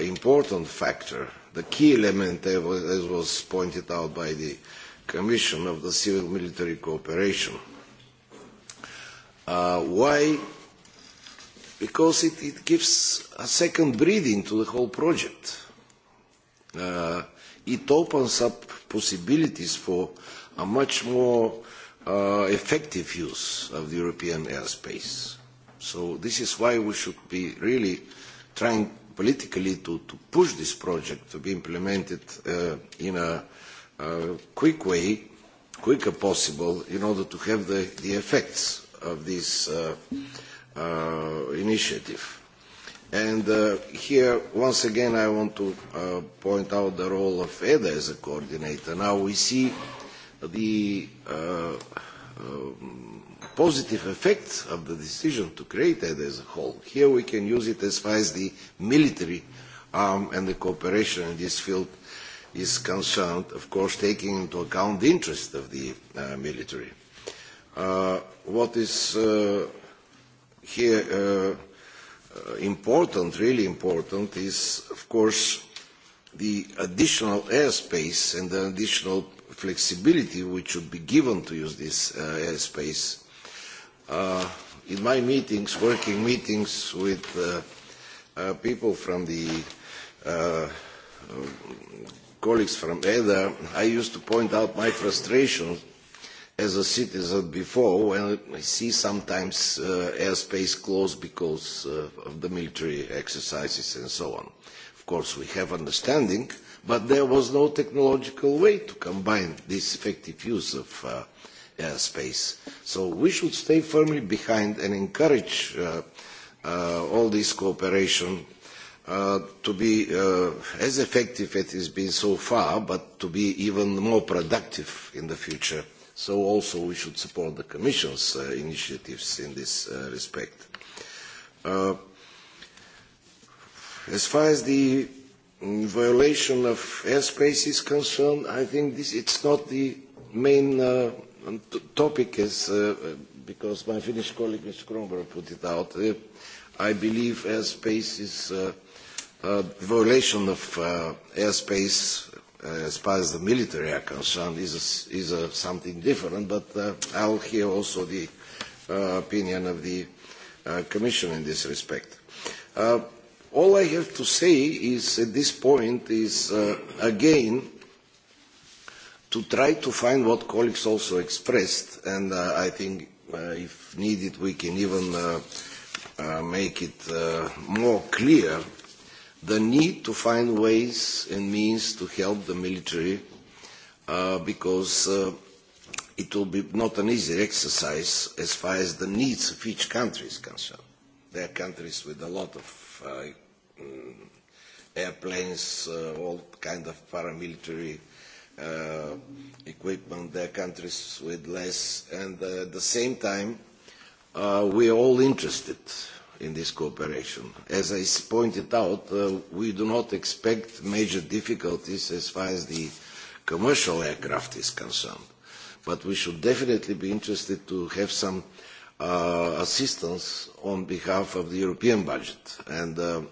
important factor, the key element, as was pointed out by the Commission of the civil-military cooperation. why? Because it, gives a second breathing to the whole project it opens up possibilities for a much more uh, effective use of the European airspace. So this is why we should be really trying politically to, to push this project to be implemented uh, in a, a quick way, quicker possible, in order to have the, the effects of this uh, uh, initiative. And uh, here, once again, I want to uh, point out the role of EDA as a coordinator. Now we see the uh, um, positive effects of the decision to create EDA as a whole. Here we can use it as far as the military arm and the cooperation in this field is concerned, of course, taking into account the interest of the uh, military. Uh, what is uh, here... Uh, important, really important, is of course the additional airspace and the additional flexibility which should be given to use this airspace. in my meetings, working meetings with people from the colleagues from EDA, I used to point out my frustrations as a citizen before when I see sometimes uh, airspace closed because uh, of the military exercises and so on. Of course, we have understanding, but there was no technological way to combine this effective use of uh, airspace. So we should stay firmly behind and encourage uh, uh, all this cooperation uh, to be uh, as effective as it has been so far, but to be even more productive in the future So also we should support the Commission's uh, initiatives in this uh, respect. Uh, as far as the violation of airspace is concerned, I think this, it's not the main uh, topic, as, uh, because my Finnish colleague, Mr. Kronberg, put it out. Uh, I believe airspace is uh, uh, violation of uh, airspace as far as the military are concerned, is, a, is a something different, but uh, I'll hear also the uh, opinion of the uh, Commission in this respect. Uh, all I have to say is, at this point, is uh, again to try to find what colleagues also expressed, and uh, I think uh, if needed we can even uh, uh, make it uh, more clear the need to find ways and means to help the military uh, because uh, it will be not an easy exercise as far as the needs of each country is concerned. There are countries with a lot of uh, airplanes, uh, all kind of paramilitary uh, equipment. There are countries with less, and uh, at the same time, uh, we are all interested in this cooperation. As I pointed out, we do not expect major difficulties as far as the commercial aircraft is concerned. But we should definitely be interested to have some assistance on behalf of the European budget. And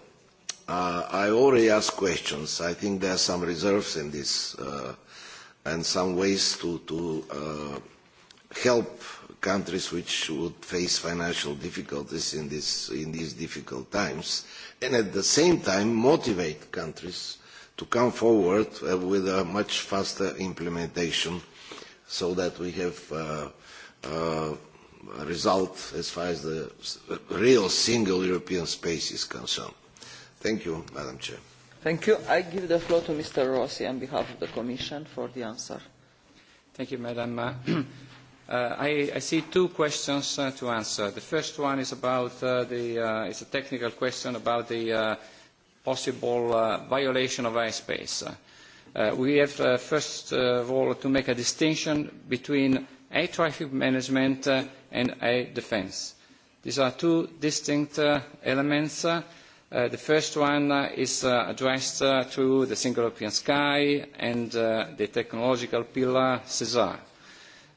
I already asked questions. I think there are some reserves in this and some ways to, help countries which would face financial difficulties in, this, in these difficult times, and at the same time motivate countries to come forward with a much faster implementation so that we have uh, uh, a result as far as the real single European space is concerned. Thank you, Madam Chair. Thank you. I give the floor to Mr. Rossi on behalf of the Commission for the answer. Thank you, Madam I, I see two questions to answer. The first one is about the, uh, it's a technical question about the possible violation of airspace. we have, first of all, to make a distinction between air traffic management and air defence. These are two distinct elements. the first one is addressed through the Single European Sky and the technological pillar, CESAR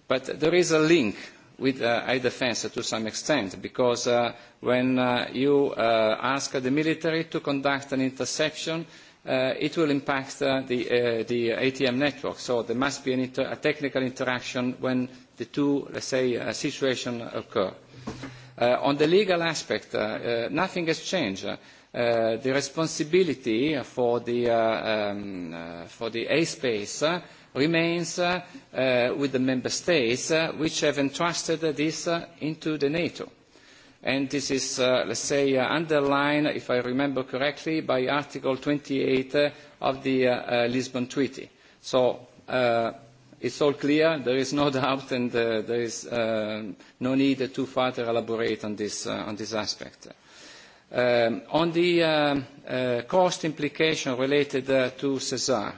But there is a link with uh, defence to some extent, because when you ask the military to conduct an interception, it will impact the, ATM network. So there must be a technical interaction when the two, let's say, situations occur. on the legal aspect, nothing has changed. the responsibility for the, for the A space remains with the member states which have entrusted this into the NATO. And this is, let's say, underlined, if I remember correctly, by Article twenty eight of the Lisbon Treaty. So it is all clear, there is no doubt, and there is no need to further elaborate on this, aspect. on the cost implication related to CESAR,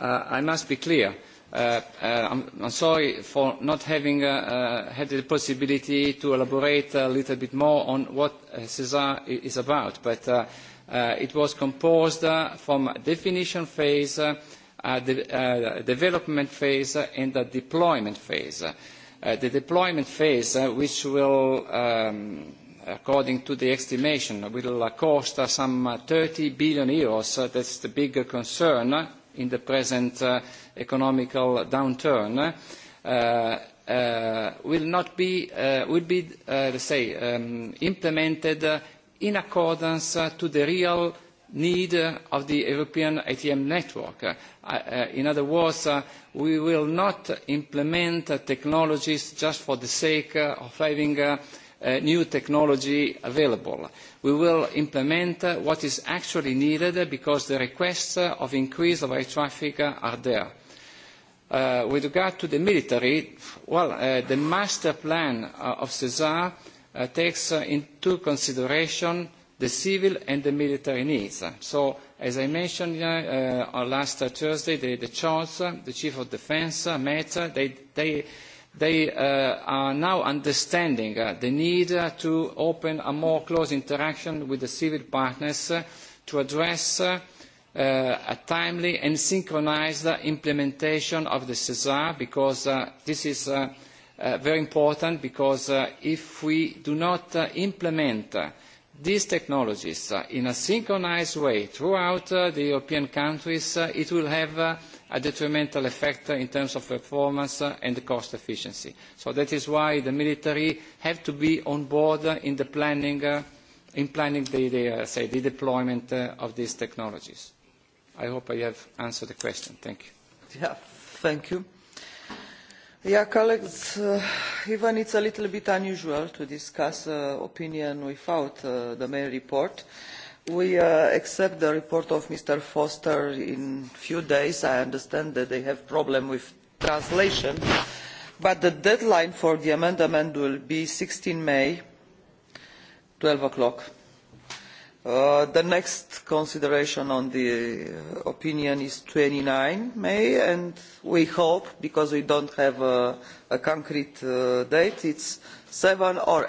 I must be clear. I am sorry for not having had the possibility to elaborate a little bit more on what sesar is about, but it was composed from a definition phase, a development phase, and a deployment phase. The deployment phase, which will, according to the estimation, will cost some EUR thirty billion euros. is the big concern in the present economic downturn will not be will be let's say implemented in accordance to the real need of the European ATM network. In other words, we will not implement technologies just for the sake of having new technology available. We will implement what is actually needed because the requests of increase of air traffic are there. With regard to the military, well, the master plan of CESAR takes into consideration the civil and the military needs. So, as I mentioned last Thursday, the, the the Chief of Defence met, they, they they are now understanding the need to open a more close interaction with the civil partners to address a timely and synchronised implementation of the CESAR because this is very important because if we do not implement these technologies in a synchronised way throughout the European countries, it will have a detrimental effect in terms of performance and cost efficiency. So that is why the military have to be on board in the planning, in planning the, the, say, the deployment of these technologies. I hope I have answered the question. Thank you. Yeah, thank you. Yeah, colleagues, uh, even it's a little bit unusual to discuss uh, opinion without uh, the main report. Uh, We accept the report of Mr. Foster in a few days. I understand that they have problems problem with translation, but the deadline for the amendment will be 16 May, twelve o'clock. the next consideration on the opinion is 29 May, and we hope, because we don't have a, a concrete uh, date, it's 7 or 18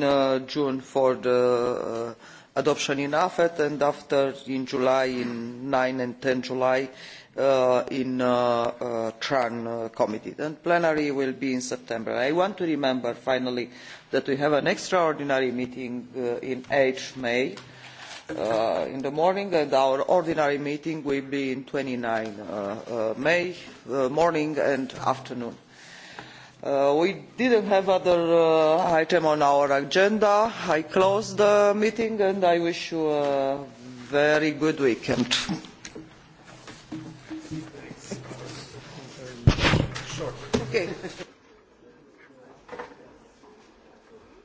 uh, June for the uh, adoption in AFET and after in July, in 9 and 10 July, uh, in uh, uh, TRAN uh, committee. And plenary will be in September. I want to remember finally that we have an extraordinary meeting uh, in 8 May uh, in the morning and our ordinary meeting will be in 29 uh, uh, May uh, morning and afternoon we did not have other item on our agenda. i close the meeting and i wish you a very good weekend.